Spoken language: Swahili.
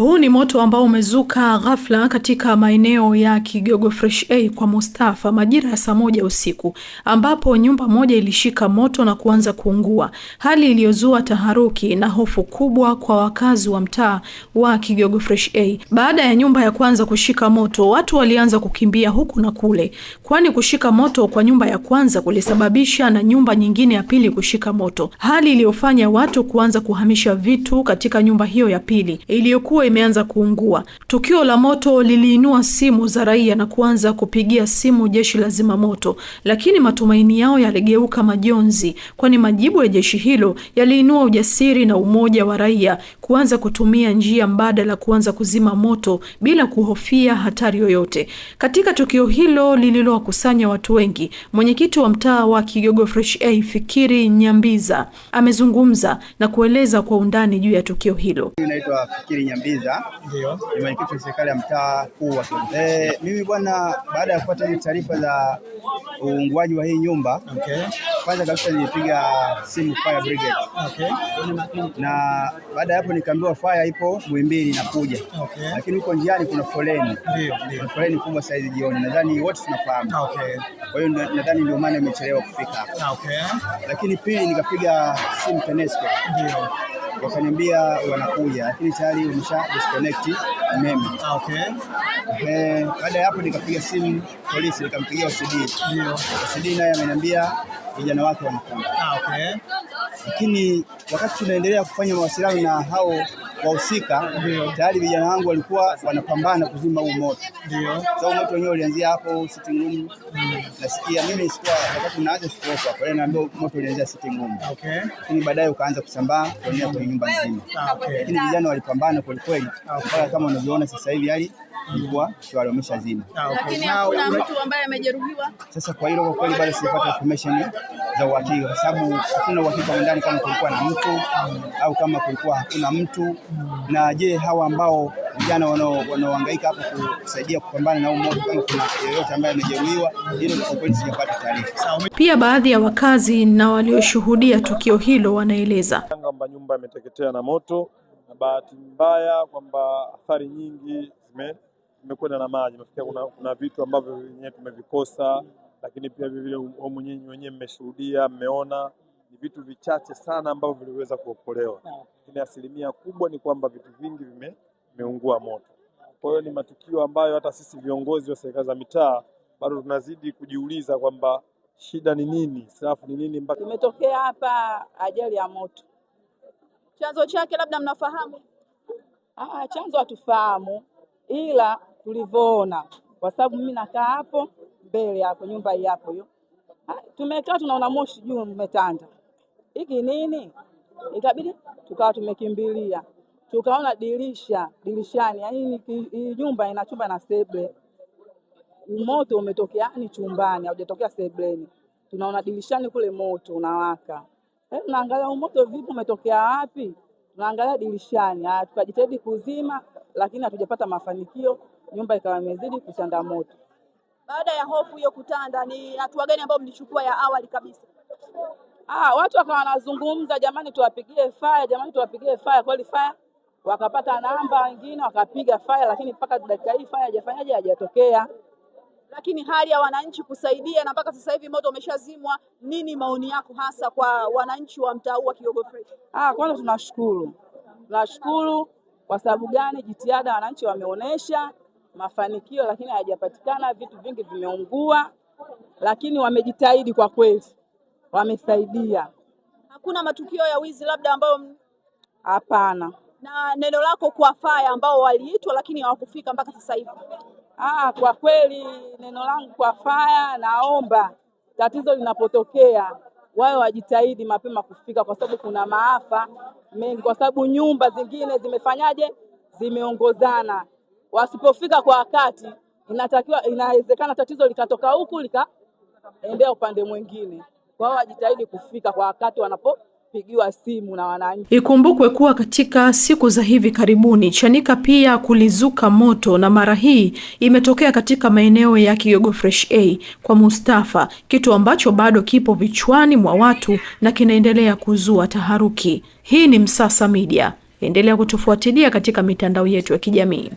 Huu ni moto ambao umezuka ghafla katika maeneo ya Kigogo Fresh A kwa Mustafa majira ya saa moja usiku ambapo nyumba moja ilishika moto na kuanza kuungua, hali iliyozua taharuki na hofu kubwa kwa wakazi wa mtaa wa Kigogo Fresh A. Baada ya nyumba ya kwanza kushika moto, watu walianza kukimbia huku na kule, kwani kushika moto kwa nyumba ya kwanza kulisababisha na nyumba nyingine ya pili kushika moto, hali iliyofanya watu kuanza kuhamisha vitu katika nyumba hiyo ya pili iliyokuwa imeanza kuungua. Tukio la moto liliinua simu za raia na kuanza kupigia simu jeshi la zimamoto, lakini matumaini yao yaligeuka majonzi, kwani majibu ya jeshi hilo yaliinua ujasiri na umoja wa raia kuanza kutumia njia mbadala, kuanza kuzima moto bila kuhofia hatari yoyote. Katika tukio hilo lililowakusanya watu wengi, mwenyekiti wa mtaa wa Kigogo Fresh A Fikiri Nyambiza amezungumza na kueleza kwa undani juu ya tukio hilo. Naitwa Fikiri Nyambiza ndio ni mwenyekiti wa serikali ya mtaa kuu wa Kinondoni. Mimi bwana, baada ya kupata hizi taarifa za uunguaji wa hii nyumba okay. Kwanza kabisa nilipiga simu fire brigade okay. Na baada ya hapo nikaambiwa fire ipo Muhimbili inakuja okay. Lakini huko njiani kuna foleni, ndio foleni kubwa saizi jioni, nadhani wote tunafahamu okay. Kwa hiyo nadhani ndio maana imechelewa kufika okay. Lakini pili nikapiga simu TANESCO ndio wakaniambia wanakuja, lakini tayari umesha disconnect umeme. Ah, okay. Eh, baada ya hapo nikapiga simu polisi, nikampigia OCD. Yeah. OCD naye ameniambia vijana wake wanakuja. Ah, okay. Lakini wakati tunaendelea kufanya mawasiliano na hao wahusika, yeah, tayari vijana wangu walikuwa wanapambana kuzima huu moto. Ndio. moto wenyewe ulianzia hapo sitting room. Nasikia mimi sikuwa wakati unaanza sikuwa kwa Kwa hiyo naambiwa moto ulianzia sitting room. Okay. Lakini baadaye ukaanza kusambaa kuenea kwenye nyumba nzima. Okay. Lakini vijana walipambana kweli kweli. Kwa kama unavyoona sasa hivi hali ilikuwa shwari, wameshazima. Ah, Lakini hakuna mtu ambaye amejeruhiwa. Sasa kwa hilo kwa kweli bado sijapata information za uhakika kwa sababu hakuna uhakika wa ndani kama kulikuwa na mtu au kama kulikuwa hakuna mtu. Hmm. Na je, hawa ambao vijana wanaohangaika hapo kusaidia kupambana na huu moto, kama kuna yeyote ambaye amejeruhiwa, hilo kwa kweli sijapata taarifa. Pia baadhi ya wakazi na walioshuhudia tukio hilo wanaeleza kwamba nyumba imeteketea na moto, na bahati mbaya kwamba athari nyingi zimekwenda na maji. Nafikia kuna, kuna vitu ambavyo wenyewe tumevikosa, lakini pia vile vile mwenyewe wenyewe mmeshuhudia, mmeona ni vitu vichache sana ambavyo viliweza kuokolewa, lakini asilimia kubwa ni kwamba vitu vingi vime imeungua moto. Kwa hiyo ni matukio ambayo hata sisi viongozi wa serikali za mitaa bado tunazidi kujiuliza kwamba shida ni nini, hitilafu ni nini mpaka imetokea hapa ajali ya moto. Chanzo chake labda mnafahamu? Ah, chanzo hatufahamu, ila tulivyoona, kwa sababu mimi nakaa hapo mbele hapo, nyumba hii hapo hiyo, ah, tumekaa tunaona moshi juu umetanda, hiki nini? Ikabidi tukawa tumekimbilia tukaona dirisha dirishani, yani hii nyumba ina chumba na sebule, moto umetokea ni yaani chumbani, haujatokea sebuleni. Tunaona dirishani kule moto unawaka, eh, tunaangalia oh, moto vipi umetokea wapi, tunaangalia dirishani. Ah, tukajitahidi kuzima, lakini hatujapata mafanikio, nyumba ikawa imezidi kuchanda moto. Baada ya hofu hiyo kutanda, ni hatua gani ambayo mlichukua ya awali kabisa? Ah, watu wakawa wanazungumza, jamani, tuwapigie faya, jamani, tuwapigie faya. Kweli faya wakapata namba wengine wakapiga faya, lakini mpaka dakika hii faya hajafanyaje, hajatokea. Lakini hali ya wananchi kusaidia na mpaka sasa hivi moto umeshazimwa, nini maoni yako hasa kwa wananchi wa mtaa huu wa Kigogo Ah, kwanza tunashukuru, tunashukuru kwa sababu gani? Jitihada wananchi wameonyesha mafanikio, lakini hayajapatikana, vitu vingi vimeungua, lakini wamejitahidi kwa kweli, wamesaidia. Hakuna matukio ya wizi labda ambayo? Hapana na neno lako kwa faya ambao waliitwa lakini hawakufika mpaka sasa hivi? Ah, kwa kweli neno langu kwa faya, naomba tatizo linapotokea wawe wajitahidi mapema kufika, kwa sababu kuna maafa mengi, kwa sababu nyumba zingine zimefanyaje, zimeongozana. Wasipofika kwa wakati, inatakiwa inawezekana tatizo likatoka huku likaendea upande mwingine. kwao wajitahidi kufika kwa wakati wanapo kupigiwa simu na wananchi. Ikumbukwe kuwa katika siku za hivi karibuni Chanika pia kulizuka moto na mara hii imetokea katika maeneo ya Kigogo Fresh A kwa Mustafa, kitu ambacho bado kipo vichwani mwa watu na kinaendelea kuzua taharuki. Hii ni Msasa Media, endelea kutufuatilia katika mitandao yetu ya kijamii.